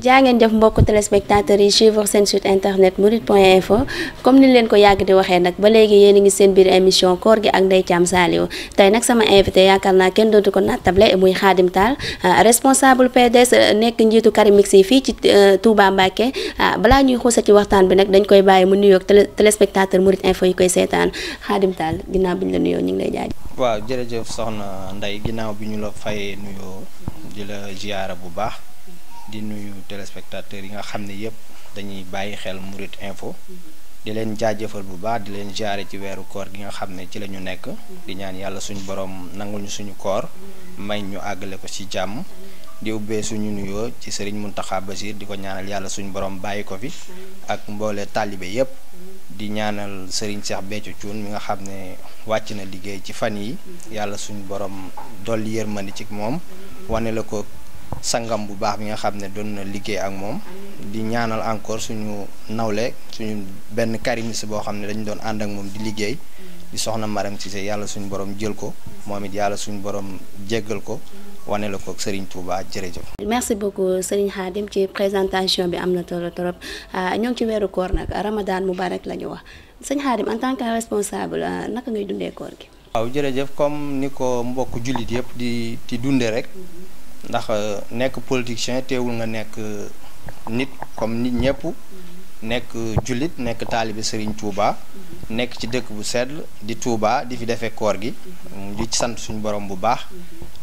jaa ngeen jëf mbokk téléspectateurs yi suivre seen site internet mourides point info comme ni leen ko yàgg di waxee nag ba léegi yéen ngi seen biir émission koor gi ak Ndeye Thiam Saliou tey nag sama invité yaakaar naa kenn dootu ko nattable muy Khadim Tall euh, responsable PDS euh, nekk njiitu Karimix yi fii ci euh, Touba Mbacké balaa ñuy xuusa ci waxtaan bi nag dañ koy bàyyi mu nuyoog téléspectateur mourides info yi koy seetaan Khadim Tall ginnaaw bi ñu la nuyoo ñu ngi lay jaaj waaw jërëjëf soxna Ndeye ginnaaw bi ñu la fayee nuyoo di bu baax di nuyu téléspectateurs yi nga xam ne yëpp dañuy bàyyi xel Mouride info di leen jaajëfal bu baax di leen jaare ci weeru koor gi nga xam ne ci la ñu nekk di ñaan yàlla suñ borom nangul suñu koor may ñu àggale ko ci jàmm di ubbee suñu nuyoo ci sëriñ Muntaxa Basiir di ko ñaanal yàlla suñu boroom bàyyi ko fi ak mboole taalibe yëpp di ñaanal sëriñ Seex Béthio Thioune mi nga xam ne wàcc na liggéey ci fan yi yàlla suñu borom dolli yërmande ci moom wane la ko sangam bu baax bi nga xam ne doon na liggéey ak moom di ñaanal encore suñu nawle suñu benn karimiste boo xam ne dañu doon ànd ak moom di liggéey di soxna Maram Cissé yàlla suñu borom jël ko moom it yàlla suñu borom jéggal ko wane la ko Serigne Touba jërëjëf. merci beaucoup Serigne Khadim ci présentation bi am na trop trop ah, ñoo ci weeru koor nag Ramadan Moubarak la ñu wax sëñ Khadim en tant que responsable ah, naka ngay dundee koor gi. waaw jërëjëf comme ni ko mbokk jullit yëpp di di dundee rek. Mm-hmm. ndax euh, nekk politicien teewul nga nekk nit comme nit ñëpp nekk julit nekk taalibe Serigne Touba nekk ci dëkk bu sedd di Touba di fi defee koor gi di ci sant suñu borom bu baax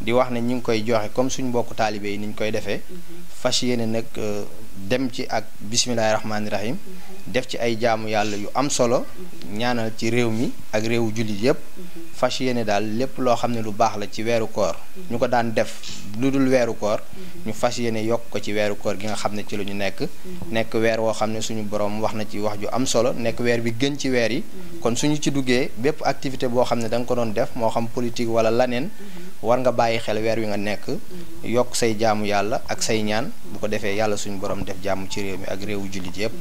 di wax ne ñu ngi koy joxe comme suñu mbokk taalibe yi niñ koy defee fas yéene nag euh, dem ci ak bisimilahi rahmaani rahim def ci ay jaamu yàlla yu am solo ñaanal ci réew mi ak réewu julit yépp fas yéene daal lépp loo lu baax la ci weeru koor ñu daan def lu wéru koor ñu fas yok ko ci wéru koor gi nga xam ci luñu nekk nekk weer wo xam suñu borom wax na ci wax ju am solo nekk weer bi gën ci weer yi kon suñu ci duggé bép activité bo xam dang ko doon def mo xam politique wala lanen war nga bayyi xel weer wi nga nekk yok say jaamu yalla ak say ñaan bu ko défé yalla suñu borom def jaamu ci réew mi ak réewu julit yépp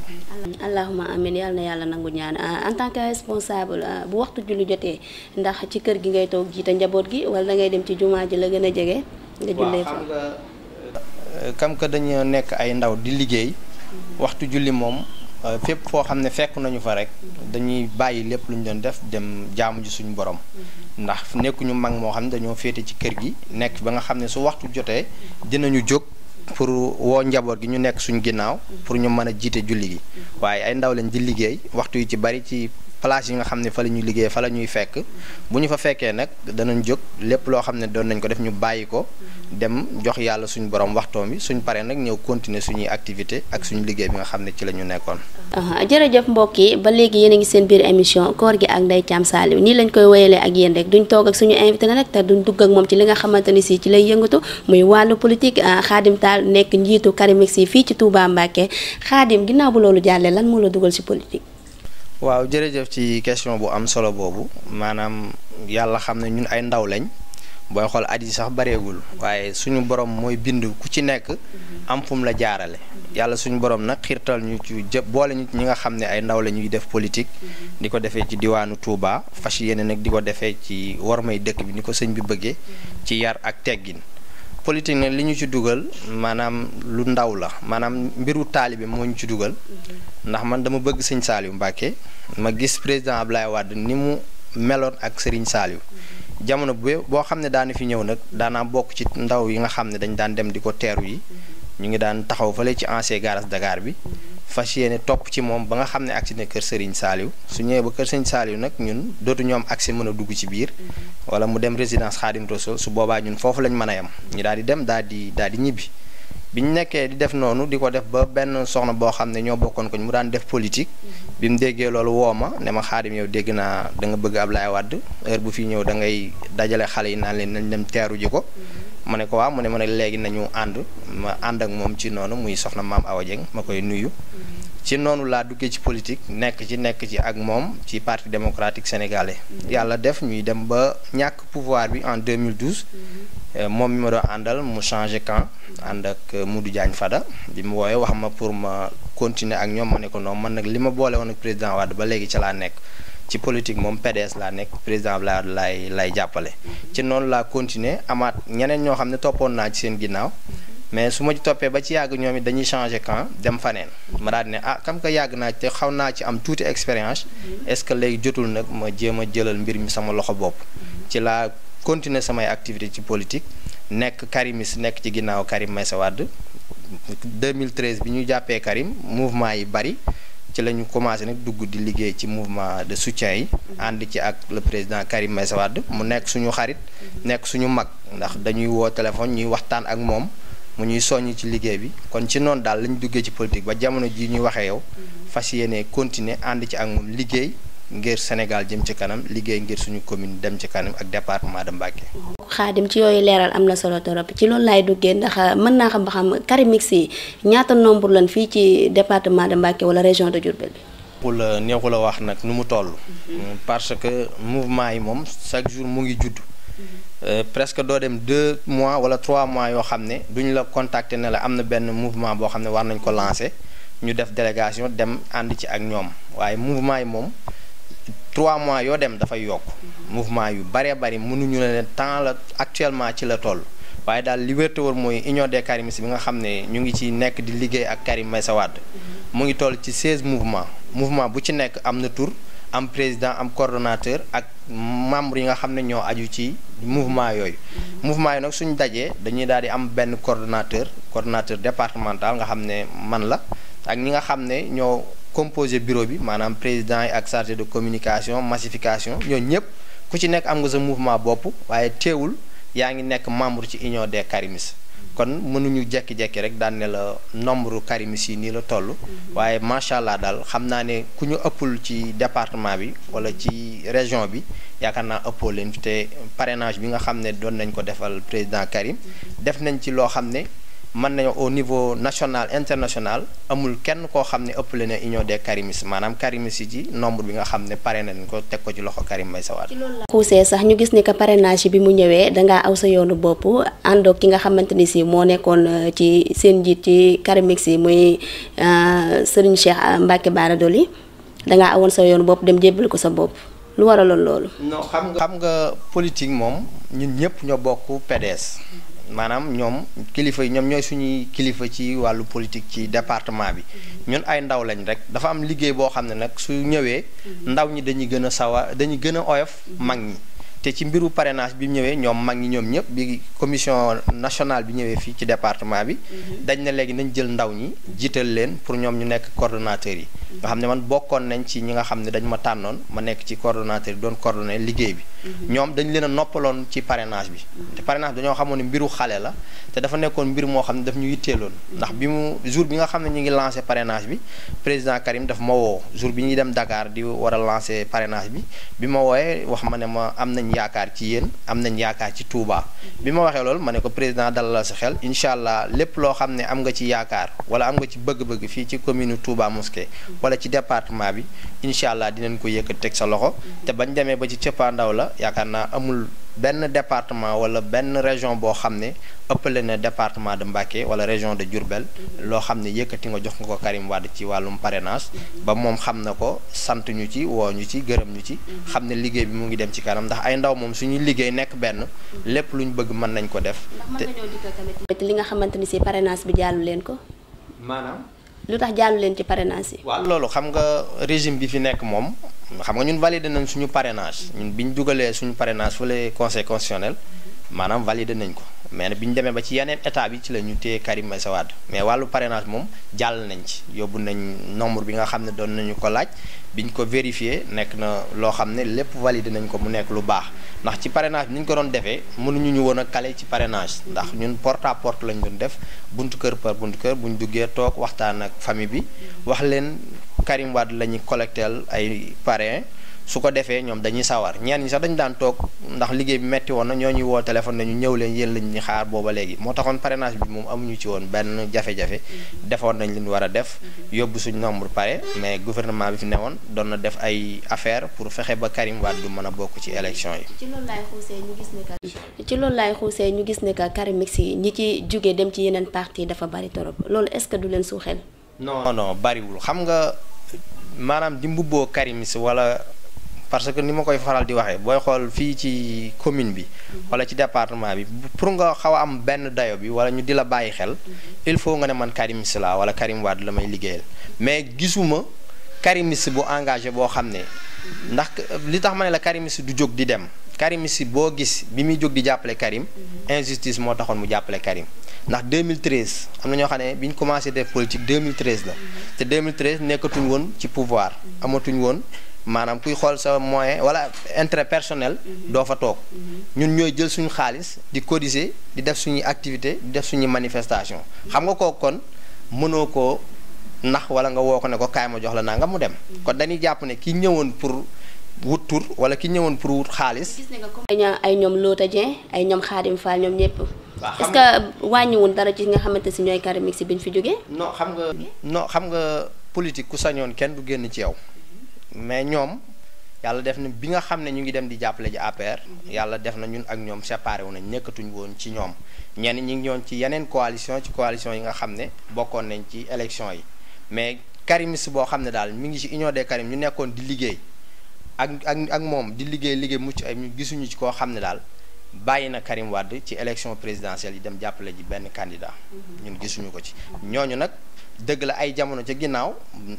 allahuma amin yalla na yalla nangu ñaan en tant que responsable euh, bu waxtu julli jotee ndax ci kër gi ngay toog jiite njabot gi wala ngay dem ci la gëna nga jullee fa kam euh, que dañu nekk ay ndaw di liggéey mhm. waxtu julli moom euh, fépp foo xam ne fekk nañu fa rek mhm. dañuy bàyyi lépp lu ñu doon def dem jaamu ji suñu borom mhm. ndax nekkuñu mag moo xam ne dañoo féete ci kër gi nekk ba nga xam ne su waxtu jotee dinañu jóg pour woo njaboot gi ñu nekk suñu ginnaaw pour ñu mën a jiite julli gi waaye ay ndaw lañ di liggéey waxtu yi ci bari ci place yi nga xam ne fa la ñuy liggéey fa la ñuy fekk bu ñu fa fekkee nag danañ jóg lépp loo xam ne doon nañ ko def ñu bàyyi ko dem jox yàlla suñu borom waxtoom bi suñu paree nag ñëw continuer suñuy activité ak suñu liggéey bi nga xam ne ci la ñu nekkoon. Uh-huh. jërëjëf mbokk yi ba léegi yéen a ngi seen biir émission koor gi ak Ndeye Thiam Saliou nii lañ koy wéyalee ak yéen rek duñ toog ak suñu invité na rek te duñ dugg ak moom ci li nga xamante ni si ci lay yëngatu muy wàllu politique uh, Khadim Tall nekk njiitu Karimix yi fii ci Touba Mbacké Khadim ginnaaw loolu jàllee lan moo la dugal ci politique waaw jërëjëf ci question bu am solo boobu maanaam yàlla xam na ñun ay ndaw lañ booy xool at yi sax bareegul waaye suñu borom mooy bind ku ci nekk am fu la jaarale yàlla suñu borom nag xiirtal ñu ci jë boole ñu ñi nga xam ne ay ndaw la ñuy def politique di ko defee ci diwaanu Touba fas yéene nag di ko defee ci wormay dëkk bi ni ko sëñ bi bëggee ci yar ak teggin politique nag li ñu ci dugal maanaam lu ndaw la maanaam mbiru taalibe moo ñu ci dugal ndax man dama bëgg sëñ Saliou Mbacké ma gis président Ablaye Wade ni mu meloon ak sëriñ Saliou jamono bu boo xam ne daana fi ñëw nag daanaa bokk ci ndaw yi nga xam ne dañ daan dem di ko teeru yi ñu ngi daan taxaw fale ci ancien garage Dakar bi fas yéene topp ci moom ba nga xam ne aksi ne kër Serigne Saliou su ñëwee ba kër sëñ Saliou nag ñun dootu ñoom agsi mën a dugg ci biir mm-hmm. wala mu dem résidence Khadim Rassoul su boobaa ñun foofu lañ mën a yem ñu daal di dem daal di daal ñibbi bi ñu nekkee di def noonu di ko def ba benn soxna boo xam ne ñoo bokkoon ko ñu mu daan def politique mm-hmm. bi mu déggee loolu woo ma ne ma Khadim yow dégg naa da bëgg ab Ablaye Wade heure bu fi ñëw da ngay dajale xale yi naa leen nañ dem teeru ji ko mm-hmm. ma ne ko waa mu ne ma ne léegi nañu ànd ma ànd ak moom ci noonu muy soxna maam Awa Dieng ma koy nuyu. ci noonu laa duggee ci politique nekk ci nekk ci ak moom ci parti démocratique sénégalais. yàlla def ñuy dem ba ñàkk pouvoir bi en 2012. Euh, moom mi ma doon àndal mu changé kan ànd ak mu du Diagne Fada bi mu wooyee wax ma pour ma continuer ak ñoom ma ne ko noonu man nag li ma boole woon ak président Wade ba léegi ca laa nekk. ci politique moom PDS laa nekk président la lay lay jàppale. ci noonu laa continuer amaat ñeneen ñoo xam ne toppoon naa ci seen ginnaaw mais su ma ci toppee ba ci yàgg ñoom it dañuy changer camp dem faneen ma daal ne ah kam ko yàgg naa te xaw naa ci am tuuti expérience est-ce que léegi jotul nag ma jéem a jëlal mbir mi sama loxo bopp ci laa continuer samay activité ci politique nekk su nekk ci ginnaaw Karim Meïssa Wade 2013 bi ñu jàppee Karim mouvement yi bari ci la ñu commencé nag dugg di liggéey ci mouvement de soutien yi. ànd ci ak le président Karim Meïssa Wade mu nekk suñu xarit. nekk suñu mag ndax dañuy woo téléphone ñuy waxtaan ak moom. mu ñuy soñ ci liggéey bi kon ci noonu daal lañu duggee ci politique ba jamono jii ñuy waxee yow fas yéene continuer ànd ci ak moom liggéey ngir Sénégal jëm ci kanam liggéey ngir suñu commune dem ci kanam ak département de Mbacké. xaadim ci yooyu leeral am na solo torop ci loolu laay duggee ndax euh, mën naa xam ba xam Karimix yi ñaata nombre lan fii ci département de Mbacké wala région de Diourbel bi. neexul a neexul a wax nag nu mu toll. parce que mouvement yi moom chaque jour mu ngi judd. Euh, presque doo dem deux mois wala trois mois yoo xam ne duñu la contacter ne la am na benn mouvement boo xam ne war nañ ko lancer ñu def délégation dem ànd ci ak ñoom waaye mouvement yi moom. trois mois yoo dem dafay yokk mouvement yu baree bari mënuñu ne leen temps la actuellement ci la toll waaye daal li wér mooy union des karimistes bi nga xam ne ñu ngi ci nekk di liggéey ak Karim Meïssa Wade mu ngi toll ci seize mouvement mouvement bu ci nekk am na tour am président am coordonnateur ak membre yi nga xam ne ñoo aju ci mouvement yooyu mouvement yi nag suñ dajee dañuy daal di am benn coordonnateur coordonnateur départemental nga xam ne man la ak ñi nga composé bureau bi maanaam président yi ak chargé de communication massification ñooñu ñëpp ku ci nekk am nga sa mouvement bopp waaye teewul yaa ngi nekk membre ci union des karimis kon mënuñu jekki-jekki rek daan ne la nombre karimis yi nii la toll waaye macha allah daal xam naa ne ku ñu ëppul ci département bi wala ci région bi yaakaar naa ëppoo leen te parrainage bi nga xam ne doon nañ ko defal président Karim def nañ ci loo xam ne mën nañu au niveau national international amul kenn koo xam ne ëpp ëppale na union des karimistes maanaam karimistes yi nombre bi nga xam ne pare nañ ko teg ko ci loxo Karim Meïssa Wade. xuusee sax ñu gis ni que parrainage bi mu ñëwee dangaa aw sa yoonu bopp àndoo ki nga xamante ni si moo nekkoon euh, ci seen njiit ci karimistes mooy muy euh, Serigne Cheikh euh, Mbacke Bara Dolly dangaa awoon sa yoonu bopp dem jébbal ko sa bopp lu waraloon loolu. non xam nga xam nga politique moom ñun ñëpp ñoo bokk PDS. maanaam ñoom kilifa yi ñoom ñooy suñuy kilifa ci wàllu politique ci département bi mm-hmm. ñun ay ndaw lañ rek dafa am liggéey boo xam ne nag su ñëwee mm-hmm. ndaw ñi dañu gën a sawa dañuy gën a oyof mm-hmm. mag ñi te ci mbiru parrainage bi ñëwee ñoom mag ñi ñoom ñëpp bi commission nationale bi ñëwee fii ci département bi dañ na léegi nañ jël ndaw ñi jiital leen pour ñoom ñu nekk coordonnateurs yi nga xam ne man bokkoon nañ ci ñi nga xam ne dañ ma tànnoon ma nekk ci coordonnateur bi doon coordonné liggéey bi mhm. ñoom dañ leen a noppaloon ci parenage bi mhm. te parrainage bi dañoo xamoon mbiru xale la te dafa nekkoon mbir moo xam ne daf ñu yitteeloon mhm. ndax bi mu jour bi nga xam ne ñu ngi lancé parrainage bi président Karim daf ma woo jour bi ñuy dem Dakar di war lancé parrainage bi bi ma wooyee wax ma ne ma am nañ yaakaar ci yéen am nañ yaakaar ci tuubaa bi ma waxee loolu ma ne ko président dalal sa xel incha allah lépp loo xam ne am nga ci yaakaar wala am nga ci bëgg-bëgg fii ci commune Touba Mosquée wala ci département bi incha allah dinañ ko yëkkati teg sa loxo te bañ demee ba ci cëppaandaw la yaakaar naa amul benn département wala benn région boo xam ne ëppale na département de Mbacké wala région de Diourbel loo xam ne yëkkati nga jox nga ko Karim Wade ci wàllum parrainage ba moom xam na ko sant ñu ci woo ñu ci gërëm ñu ci xam ne liggéey bi mu ngi dem ci kanam ndax ay ndaw moom suñuy liggéey nekk benn lépp lu luñ bëgg mën nañ ko def. li nga lu tax jaalu leen ci parrainage yi. waaw loolu xam nga régime bi fi nekk moom xam nga ñun validé nañ suñu parrainage ñun bi ñu dugalee suñu parrainage fële conseil constitutionnel. maanaam validé nañ ko mais nag bi ñu demee ba ci yeneen état bi ci la ñu téye Karim Meïssa Wade mais wàllu parrainage moom jàll nañ ci yóbbu nañ nombre bi nga xam ne doon nañu ko laaj biñ ko vérifié nekk na loo xam ne lépp validé nañ ko mu nekk lu baax ndax ci parrainage bi ñu ko doon defee mënuñu ñu woon a kale ci parrainage ndax ñun porte à porte lañ doon def bunt kër par bunt kër bu ñu duggee toog waxtaan ak famille bi wax leen Karim Wade la ñuy collecteel ay parrain su ko defee ñoom dañuy sawar ñeen ñi sax dañu daan toog ndax liggéey bi metti woon na ñoo ñuy woo téléphone nañu ñëw leen yéen lañ ñu xaar booba léegi moo taxoon parrainage bi moom amuñu ci woon benn jafe mm-hmm. defoon nañ leen war a def mm-hmm. yóbbu suñ nombre pare mais gouvernement bi fi newoon doon na def ay affaire pour fexe ba Karim Wade du mën bokk ci élection yi. ci loolu laay xuusee ñu gis ne que ci loolu laay ñi ci jógee dem ci yeneen parti dafa bari trop loolu est-ce que du leen suuxel. non non bariwul xam nga maanaam di mbubboo Karim wala. parce que ni koy faral di waxe boy xol fi ci commune bi wala ci département bi pour nga xawa am ben dayo bi wala ñu di la xel il faut nga ne man Karim sila, wala Karim Wade lamay may mais gisuma Karim Meïssa bu engagé bo xamné ndax li tax mané la Karim Meïssa du jog di dem Karim Meïssa bo gis bi mi jog di jappelé Karim injustice mo taxone mu jappelé Karim ndax 2013 amna ño ñoo biñ ne commencé def politique 2013 la te 2013 nekatuñ won ci pouvoir amatuñ won maanaam kuy xool sa moyen wala intérêt personnel. Mhm. doo fa toog mhm. ñun ñooy jël suñu xaalis di cotiser di def suñuy activité di def suñuy manifestation mhm. xam nga kooku kon mënoo ko nax wala nga woo ko ne ko kaay ma jox la nangam mu dem. kon dañuy jàpp ne ki ñëwoon pour. wut tur wala ki ñëwoon pour wut xaalis. gis nga comme ay ñoom Lota Dieng ay ñoom Khadim Fall ñoom ñëpp. est-ce que wàññiwul dara ci nga xamante si ñooy Karim Mexe bi ñu fi jógee. non xam nga non xam nga politique ku sañoon kenn du génn ci yow. mais ñoom yàlla def na bi nga xam ne ñu ngi dem di jàppale ji APR. Mhm. yàlla def na ñun ak ñoom séparé wu nañ nekkatuñ woon ci ñoom ñenn ñi ngi ci yeneen coalition ci coalition yi nga xam ne bokkoon nañ ci yi mais karimiste boo xam ne daal mi ngi ci union des karim ñu nekkoon di liggéey ak ak moom di liggéey liggéey mucc ay ñu gisuñu ci koo xam ne daal bàyyi na Karim Wade ci élection présidentielle yi dem jàppale ji benn candidat mhm. ñun gisuñu ko ci mhm. ñooñu nag dëgg la ay jamono ca ginnaaw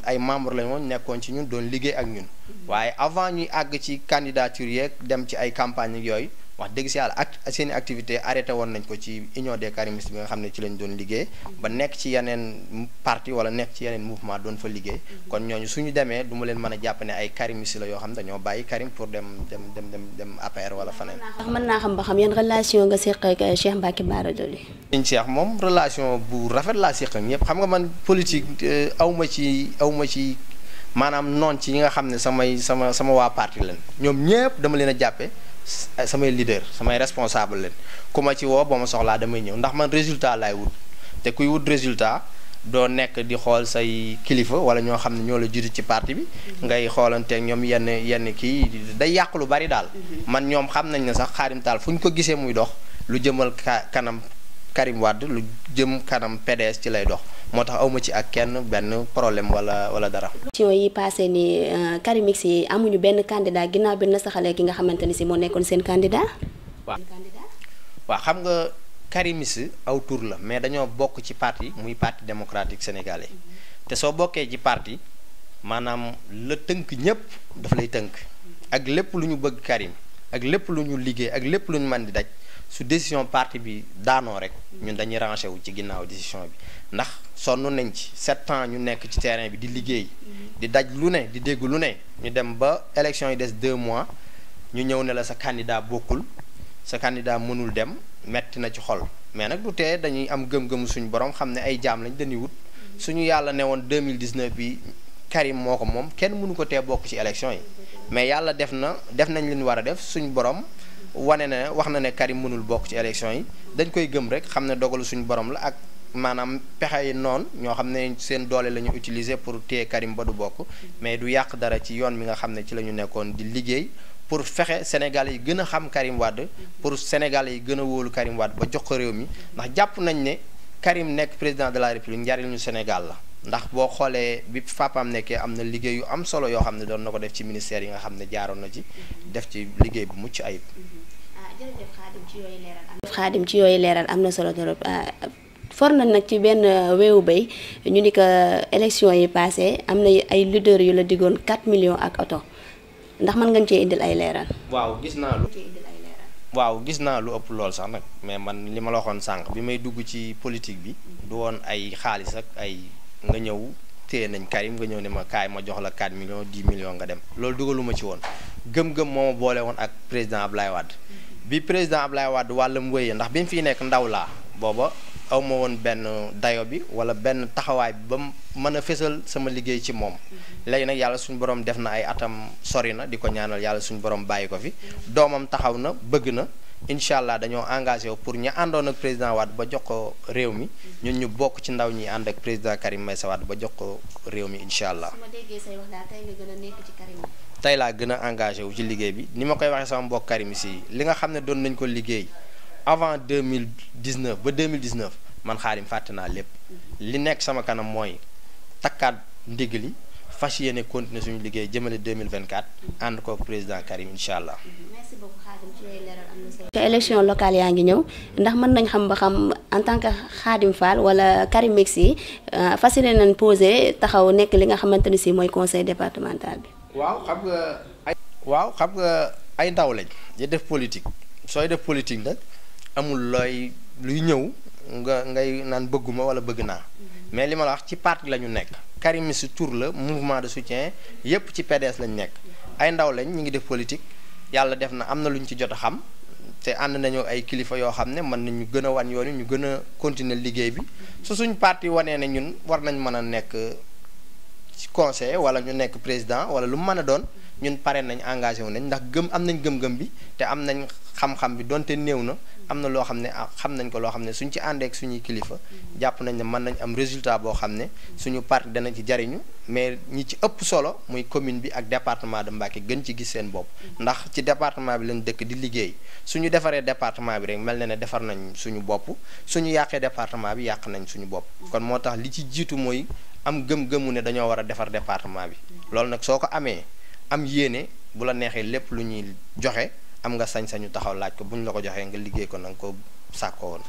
ay membre lañ nekkoon ci ñun doon liggéey ak ñun mm-hmm. waaye avant ñuy àgg ci candidature yeeg dem ci ay campagne yooyu wax dëgg si yàlla ak seeni activité arrêté woon nañ ko ci union des karimistes bi nga xam ne ci lañ doon liggéey ba nekk ci yeneen parti wala nekk ci yeneen mouvement doon fa liggéey mhm. kon ñooñu suñu demee du leen mën a jàpp ne ay karimistes la yoo xam dañoo bàyyi karim pour dem dem dem dem dem APR wala faneen mën naa xam ba xam yan relation nga seq ak euh, Cheikh Mbacké Bara Dolly sëñ Cheikh moom relation bu rafet laa seq ak ñëpp xam nga man politique euh, awma ci awma ci maanaam noon ci ñi nga xam ne samay sama sama waa parti leen ñoom ñëpp dama leen a jàppe samay leader samay responsable leen ku ma ci woo ba ma soxlaa damay ñëw ndax man résultat lay wut te kuy wut résultat doo nekk di xool say kilifa wala ñoo xam ne ñoo la jiitu ci parti bi mm-hmm. ngay xoolanteeg ñoom yenn yenn kii day yàq lu bari daal mm-hmm. man ñoom xam nañ ne sax Xaadim fu ñu ko gisee muy dox lu jëmal ka kanam Karim Wade lu jëm kanam PDS ci lay dox moo tax awma ci ak kenn benn problème wala wala dara. élection yi passé ni euh, Karim yi amuñu benn candidat ginnaaw bi na saxalee ki nga xamante ni si moo nekkoon seen candidat. waa xam nga Karim aw tur la mais dañoo bokk ci parti muy parti démocratique sénégalais te soo bokkee ci parti maanaam la tënk ñépp daf lay tënk ak lépp lu ñu bëgg Karim ak lépp lu ñu liggéey ak lépp lu ñu mën di daj. su décision parti bi daanoo rek ñun dañuy rangé wu ci ginnaaw décision bi ndax sonn nañ ci sept ans ñu nekk ci terrain bi di liggéey di daj lu ne di dégg lu ne ñu dem ba élection yi des deux mois ñu ñëw ne la sa candidat bokkul sa candidat mënul dem metti na ci xol mais nag du tee dañuy am gëm-gëmu suñu borom xam ne ay jaam lañ dañuy wut suñu yàlla ne woon 2019 bi Karim moo ko moom kenn mënu ko tee bokk ci élection yi mais yàlla def na def nañ leen war a def suñu borom wane na wax na ne Karim mënul bokk ci élection yi dañ koy gëm rek xam ne dogalu suñu borom la ak maanaam pexe yi noon ñoo xam ne seen doole la ñu utiliser pour téye Karim ba du bokk mais du yàq dara ci yoon mi nga xam ne ci la ñu nekkoon di liggéey pour fexe Sénégal yi gën a xam Karim Wade pour Sénégal yi gën a wóolu Karim Wade ba jox ko réew mi ndax jàpp nañ ne Karim nekk président de la République njariñu Sénégal la ndax boo xoolee bi fàppam nekkee am na liggéey yu am solo yoo xam ne doon na ko def ci ministère yi nga xam ne jaaroon na ci mhm. def ci liggéey bu mucc ayib mhm. ah, jërëjëf xaadim ci yooyu leeral am leeral am na solo trop ah, for na nag ci benn uh, wewu béy ñu ni ko uh, élection yi passé am na ay leader yu la diggoon 4 millions ak oto ndax man nga cee indil ay leeral waaw gis naa lu gis naa lu ëpp lool sax nag mais man li ma la waxoon sànq bi may dugg ci politique bi mhm. du woon ay xaalis ak ay nga ñëw téye nañ Karim nga ñëw ne ma kaay ma jox la 4 millions 10 millions nga dem loolu dugaluma ci woon gëm-gëm moo ma boole woon ak président Ablaye Wade bi président Ablaye Wade wàllam wéyee ndax bi mu fi nekk ndaw laa booba aw ma woon benn dayo bi wala benn taxawaay bi ba mën a fésal sama liggéey ci moom léegi nag yàlla suñu borom def na ay atam sori na di ko ñaanal yàlla suñu borom bàyyi ko fi doomam taxaw na bëgg na. incha allah dañoo engagé wu pour ñu àndoon ak président Wade ba jox ko réew mi ñun ñu bokk ci ndaw ñi ànd ak président Karim Meïssa Wade ba jox ko réew mi incha allah. tey laa gën a engagé wu ci liggéey bi ni ma koy waxee sama mbokk Karim si li nga xam ne doon nañ ko liggéey avant deux mille dix neuf ba deux mille dix neuf man xaari fàtte naa lépp mm-hmm. li nekk sama kanam mooy takkaat li fas yéene continuer suñu liggéey jëmale 2024 ànd ko président Karim incha allah. merci beaucoup Khadim ci lay locale yaa ngi ñëw ndax mën nañ xam ba xam en tant que Khadim Fall wala Karim Meksi euh, fas yéene nañ posé taxaw nekk li nga xamante ni si mooy conseil départemental bi. waaw xam nga ay. waaw xam nga ay ndaw lañ. di def politique sooy def politique nag amul looy luy ñëw nga ngay naan bëgguma wala bëgg naa. Mm-hmm. mais li ma la wax ci parti la ñu nekk Karim si Tour la mouvement de soutien yépp ci PDS lañu nekk ay ndaw lañ ñu ngi def politique yàlla def na am na lu ñu ci jot a xam te ànd nañu ay kilifa yoo xam ne mën nañu gën a wan yoon ñu gën a continuer liggéey bi su suñ parti wanee ne ñun war nañ mën a nekk ci conseil wala ñu nekk président wala lu mu mën a doon ñun pare nañ engagé wu nañ ndax gëm am nañ gëm-gëm bi te am nañ xam-xam bi donte néew na am na loo xam ne ah, xam nañ ko loo xam ne suñ ci àndeek suñuy kilifa jàpp nañ ne mën nañ am résultat boo xam ne suñu parti dana ci jariñu mais ñi ci ëpp solo muy commune bi ak département de Mbacké gën ci gis seen bopp ndax ci département bi lañ dëkk di liggéey suñu defaree département bi rek mel na ne defar nañ suñu bopp suñu yàqee département bi yàq nañ suñu bopp kon moo tax li ci jiitu mooy am gëm-gëmu ne dañoo war a defar département bi loolu nag soo ko amee am yéene bu la neexee lépp lu ñuy joxe am nga sañ-sañu taxaw laaj ko bu ñu la ko joxee nga liggéey ko na ko sàkkoo woon.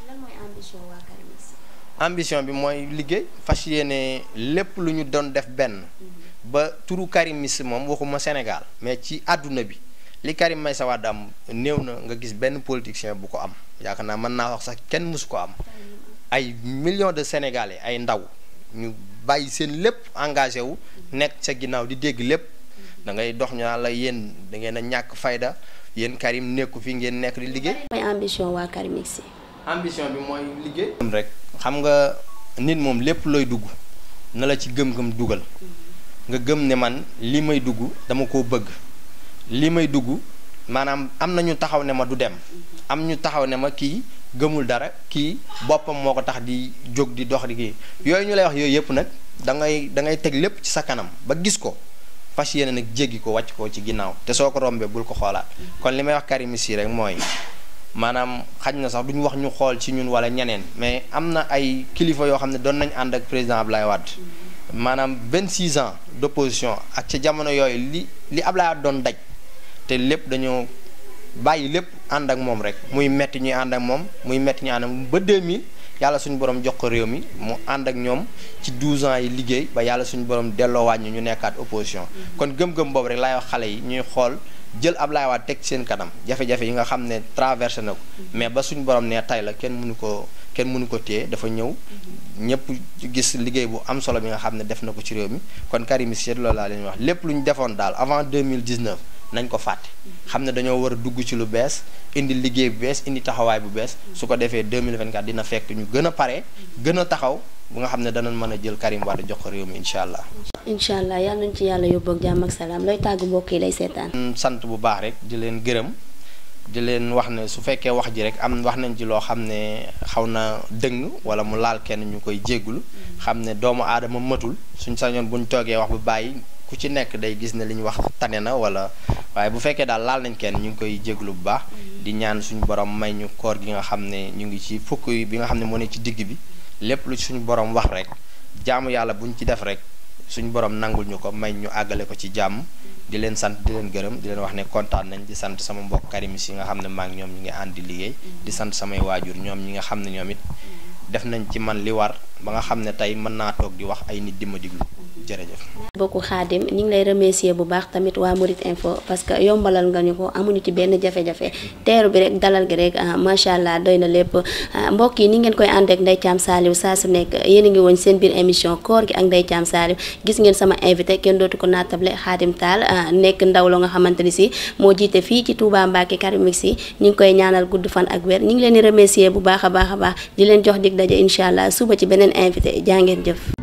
ambition bi mooy liggéey fas yéene lépp lu ñu doon def benn. Mhm. ba turu Karimis moom waxuma Sénégal mais ci àdduna bi li Karim may Wade am néew na nga gis benn politicien bu ko am yaakaar naa mën naa wax sax kenn mësu ko am ay million de Sénégalais ay ndaw ñu bàyyi seen lépp engagé wu mhm. nekk sa ginnaaw di dégg lépp mhm. da ngay dox ñu la yéen da ngeen a ñàkk fayda. yéen Karim nekku fi ngeen nekk di liggéey. mooy ambition waa Karim si. ambition bi mooy liggéey. rek xam nga nit moom lépp looy dugg na la ci gëm-gëm dugal nga gëm ne man li may dugg dama koo bëgg li may dugg maanaam am na ñu taxaw ne ma du dem am ñu taxaw ne ma kii gëmul dara kii boppam moo ko tax di jóg di dox di yooyu ñu lay wax yooyu yëpp nag dangay ngay da ngay teg lépp ci sa kanam ba gis ko. fas yéene nag jéggi ko wàcc ko ci ginnaaw te soo ko rombee bul ko xoolaat kon li may wax Karim Sy rek mooy maanaam xaj na sax duñu wax ñu xool ci ñun wala ñeneen mais am na ay kilifa yoo xam ne doon nañ ànd ak président Ablaye Wade maanaam 26 ans d'opposition ak ca jamono yooyu li li Ablaye Wade doon daj te lépp dañoo bàyyi lépp ànd ak moom rek muy metti ñuy ànd ak moom muy metti ñuy ànd ak moom ba 2000 yàlla suñu borom jox ko réew mi mu ànd ak ñoom ci 12 ans yi liggéey ba yàlla suñu borom delloowaat ñu ñu nekkaat opposition. kon gëm-gëm boobu rek laay wax xale yi ñuy xool jël Ablaye Wade teg seen kanam jafe-jafe yi nga xam ne traversé na ko. mais ba suñu borom nee tay la kenn mënu ko kenn mënu ko téye dafa ñëw. ñëpp gis liggéey bu am solo bi nga xam ne def na ko ci réew mi kon Karim Meïssa loolu laa leen wax lépp lu ñu defoon daal avant 2019. nañ ko faté xamné dañoo war dugg ci lu bees indi liggéey bu indi taxaway bu bees su ko 2024 dina fekk ñu gëna paré pare taxaw bu nga xamné da nañ mëna jël Karim Wade jox ko réew mi inshallah inshallah yalla ñu ci yalla yobbu ak jamm ak salam lay tag mbokk yi lay sétane sant bu baax rek di leen gërëm di leen wax né su féké wax ji rek am wax nañ ci lo xamné xawna dëng wala mu laal kenn ñukoy jéggul xamné doomu aadama matul suñu sañoon buñ wax bu bayyi ku ci nekk day gis ne li ñu wax tane na wala waaye bu fekkee daal laal nañ kenn ñu ngi koy jéglu bu baax mm-hmm. di ñaan suñ borom may ñu koor gi nga xam ne ñu ngi ci fukk bi nga xam ne moo ne ci digg bi lépp lu suñu borom wax rek jaamu yàlla buñ ci def rek suñu borom nangul ko may ñu àggale ko ci jàmm mm-hmm. di leen sant di leen gërëm di leen wax ne kontaan nañ sant sama mbokk karimis yi nga xam ne maa ngi ñoom ñi ngi ànd di liggéey mm-hmm. di sant samay waajur ñoom ñi nga xam ne ñoom it def nañ ci man li war ba nga xam ne tey mën naa toog di wax ay nit di ma diglu jërëjëf. bokku Xaadim ñu ngi lay remercier bu baax tamit waa Mouride Info parce que yombalal nga ñu ko amuñu ci benn jafe-jafe teeru bi rek dalal gi rek ah, macha allah doy na lépp ah, mbokk yi ni ngeen koy ànd ak Ndeye Thiam Saliou saa su nekk yéen ngi woon seen biir émission koor gi ak Ndeye caam Saliou gis ngeen sama invité kenn dootu ko naatable Xaadim Taal ah, nekk ndaw la nga xamante ni si moo jiite fii ci Touba Mbacke Karim si ñu ngi koy ñaanal gudd fan ak wér ñu ngi leen di remercier bu baax baax a baax di leen jox dig daje incha allah suba ci beneen invité jaa ngeen